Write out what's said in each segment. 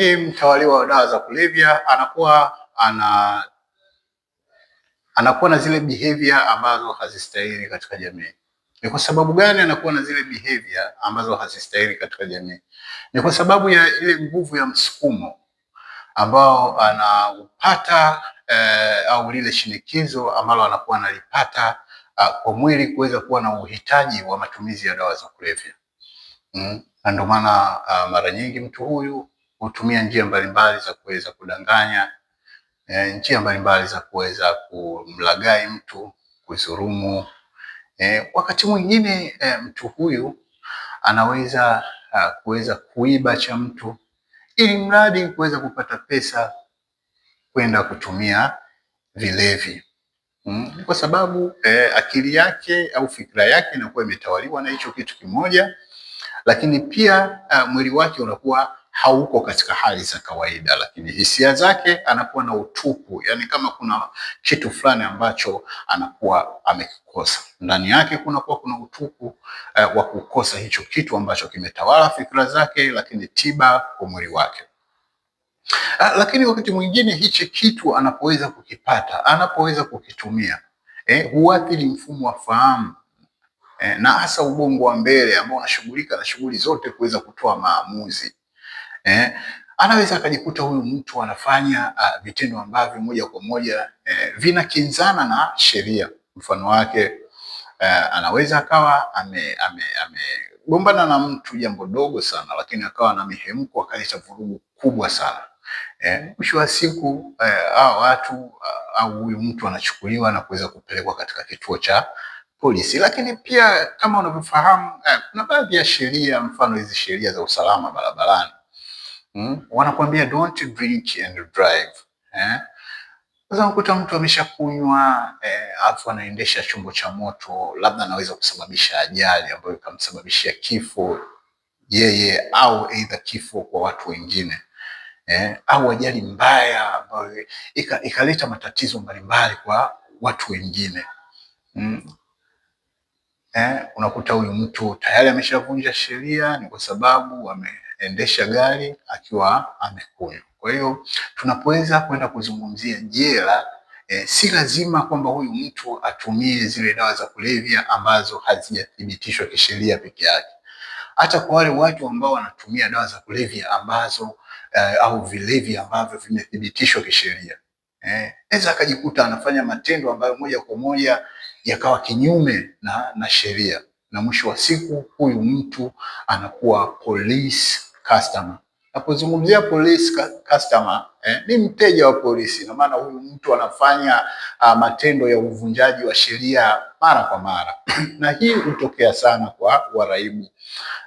hii mtawaliwa wa dawa za kulevya anakuwa ana anakuwa na zile behavior ambazo hazistahili katika jamii. Ni kwa sababu gani anakuwa na zile behavior ambazo hazistahili katika jamii? Ni kwa sababu ya ile nguvu ya msukumo ambao anaupata eh, au lile shinikizo ambalo anakuwa analipata uh, kwa mwili kuweza kuwa na uhitaji wa matumizi ya dawa za kulevya mm. Na ndio maana uh, mara nyingi mtu huyu hutumia njia mbalimbali za kuweza kudanganya, e, njia mbalimbali za kuweza kumlagai mtu, kudhulumu. E, eh, wakati mwingine e, mtu huyu anaweza ah, kuweza kuiba cha mtu ili mradi kuweza kupata pesa kwenda kutumia vilevi mm. Kwa sababu e, akili yake au fikra yake inakuwa imetawaliwa na hicho kitu kimoja, lakini pia a, ah, mwili wake unakuwa hauko katika hali za kawaida, lakini hisia zake anakuwa na utupu, yani kama kuna kitu fulani ambacho anakuwa amekikosa ndani yake, kunakuwa kuna utupu eh, wa kukosa hicho kitu ambacho kimetawala fikra zake, lakini tiba kwa mwili wake. Ah, lakini wakati mwingine hichi kitu anapoweza kukipata, anapoweza kukitumia eh, huathiri mfumo wa fahamu eh, na hasa ubongo wa mbele ambao unashughulika na shughuli zote kuweza kutoa maamuzi eh, anaweza akajikuta huyu mtu anafanya uh, vitendo ambavyo moja kwa moja eh, vinakinzana na sheria. Mfano wake eh, anaweza akawa ame, ame, amegombana na mtu jambo dogo sana, lakini akawa na mihemko akaleta vurugu kubwa sana. Eh, mwisho eh, wa siku eh, hao watu ah, au huyu mtu anachukuliwa na kuweza kupelekwa katika kituo cha polisi. Lakini pia kama unavyofahamu, eh, kuna eh, baadhi ya sheria, mfano hizi sheria za usalama barabarani mm? Wanakuambia don't drink and drive eh? Sasa ukuta mtu ameshakunywa eh, alafu anaendesha chombo cha moto, labda anaweza kusababisha ajali ambayo ikamsababishia kifo yeye au aidha kifo kwa watu wengine eh, au ajali mbaya ambayo ikaleta matatizo mbalimbali kwa watu wengine mm. Eh, unakuta huyu mtu tayari ameshavunja sheria, ni kwa sababu ame anaendesha gari akiwa amekunywa. Kwa hiyo tunapoweza kwenda kuzungumzia jela E, si lazima kwamba huyu mtu atumie zile dawa za kulevya ambazo hazijathibitishwa kisheria peke yake. Hata kwa wale watu ambao wanatumia dawa za kulevya ambazo e, au vilevi ambavyo vimethibitishwa kisheria e, eh, aweza akajikuta anafanya matendo ambayo moja kwa moja yakawa kinyume na, na sheria na mwisho wa siku huyu mtu anakuwa police customer. Napozungumzia police customer, eh, ni mteja wa polisi, na maana huyu mtu anafanya uh, matendo ya uvunjaji wa sheria mara kwa mara na hii hutokea sana kwa waraibu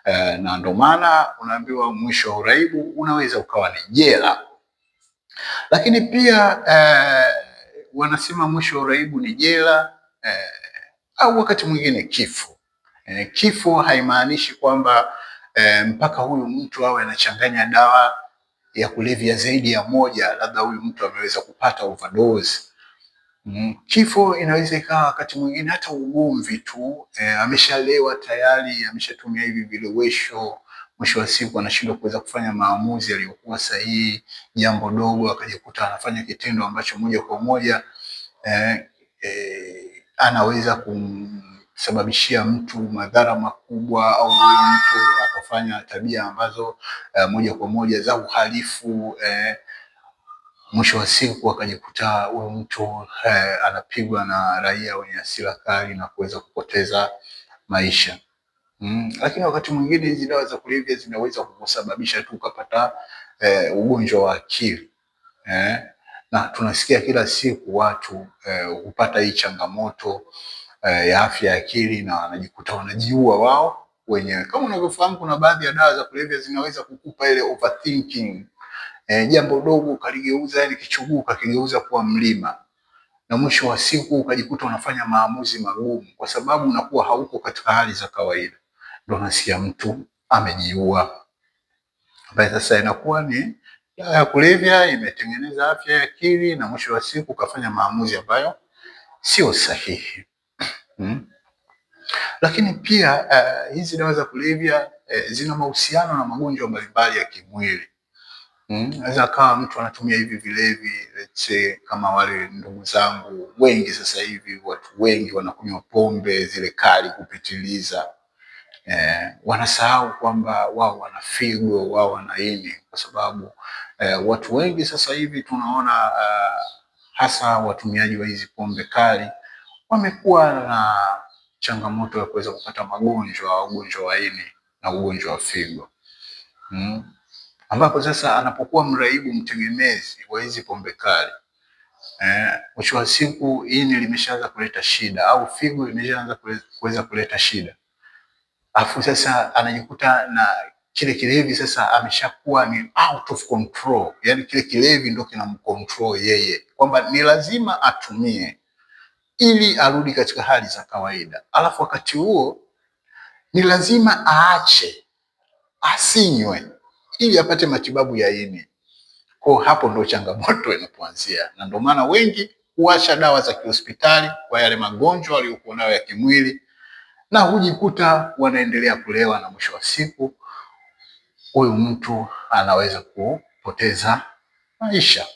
eh, na ndio maana unaambiwa mwisho wa uraibu unaweza ukawa ni jela, lakini pia eh, wanasema mwisho wa uraibu ni jela eh, au wakati mwingine kifo. Eh, kifo haimaanishi kwamba e, mpaka huyu mtu awe anachanganya dawa ya kulevya zaidi ya moja, labda huyu mtu ameweza kupata overdose. Mm, kifo inaweza ikawa wakati mwingine hata ugomvi tu e, ameshalewa tayari, ameshatumia hivi vilewesho mwisho wa siku anashindwa kuweza kufanya maamuzi yaliyokuwa sahihi, jambo dogo akajikuta anafanya kitendo ambacho moja kwa moja e, e, anaweza kum kusababishia mtu madhara makubwa au mtu akafanya tabia ambazo eh, moja kwa moja za uhalifu eh, mwisho wa siku akajikuta huyo mtu eh, anapigwa na raia wenye hasira kali na kuweza kupoteza maisha. Mm. Lakini wakati mwingine hizi dawa za kulevya zinaweza kukusababisha tu ukapata eh, ugonjwa wa akili eh, na tunasikia kila siku watu eh, hupata eh, hii changamoto uh, ya afya ya akili na wanajikuta wanajiua wao wenyewe. Kama unavyofahamu, kuna baadhi ya dawa za kulevya zinaweza kukupa ile overthinking eh, jambo dogo ukaligeuza, yani kichuguu ukakigeuza kuwa mlima na mwisho wa siku ukajikuta unafanya maamuzi magumu, kwa sababu unakuwa hauko katika hali za kawaida. Ndo nasikia mtu amejiua, ambaye sasa inakuwa ni dawa ya kulevya imetengeneza afya ya akili, na mwisho wa siku ukafanya maamuzi ambayo sio sahihi. Hmm? Lakini pia uh, hizi dawa za kulevya eh, zina mahusiano na magonjwa mbalimbali ya kimwili. Hmm? Naweza akawa mtu anatumia hivi vilevi let's say, kama wale ndugu zangu wengi sasa hivi, watu wengi wanakunywa pombe zile kali kupitiliza eh, wanasahau kwamba wao wana figo, wao wana ini, kwa sababu eh, watu wengi sasa hivi tunaona uh, hasa watumiaji wa hizi pombe kali wamekuwa na changamoto ya kuweza kupata magonjwa, ugonjwa wa ini na ugonjwa wa figo hmm. ambapo sasa anapokuwa mraibu mtegemezi wa hizi pombe kali eh, mwisho wa siku ini limeshaanza kuleta shida au figo limeshaanza kuweza kuleta shida, afu sasa anajikuta na kile kilevi sasa ameshakuwa ni out of control, yani kile kilevi ndo kinamcontrol yeye kwamba ni lazima atumie ili arudi katika hali za kawaida. Alafu wakati huo ni lazima aache, asinywe ili apate matibabu ya ini. Kwa hapo ndo changamoto inapoanzia, na ndo maana wengi huacha dawa za kihospitali kwa yale magonjwa waliokuwa nayo ya kimwili, na hujikuta wanaendelea kulewa, na mwisho wa siku huyu mtu anaweza kupoteza maisha.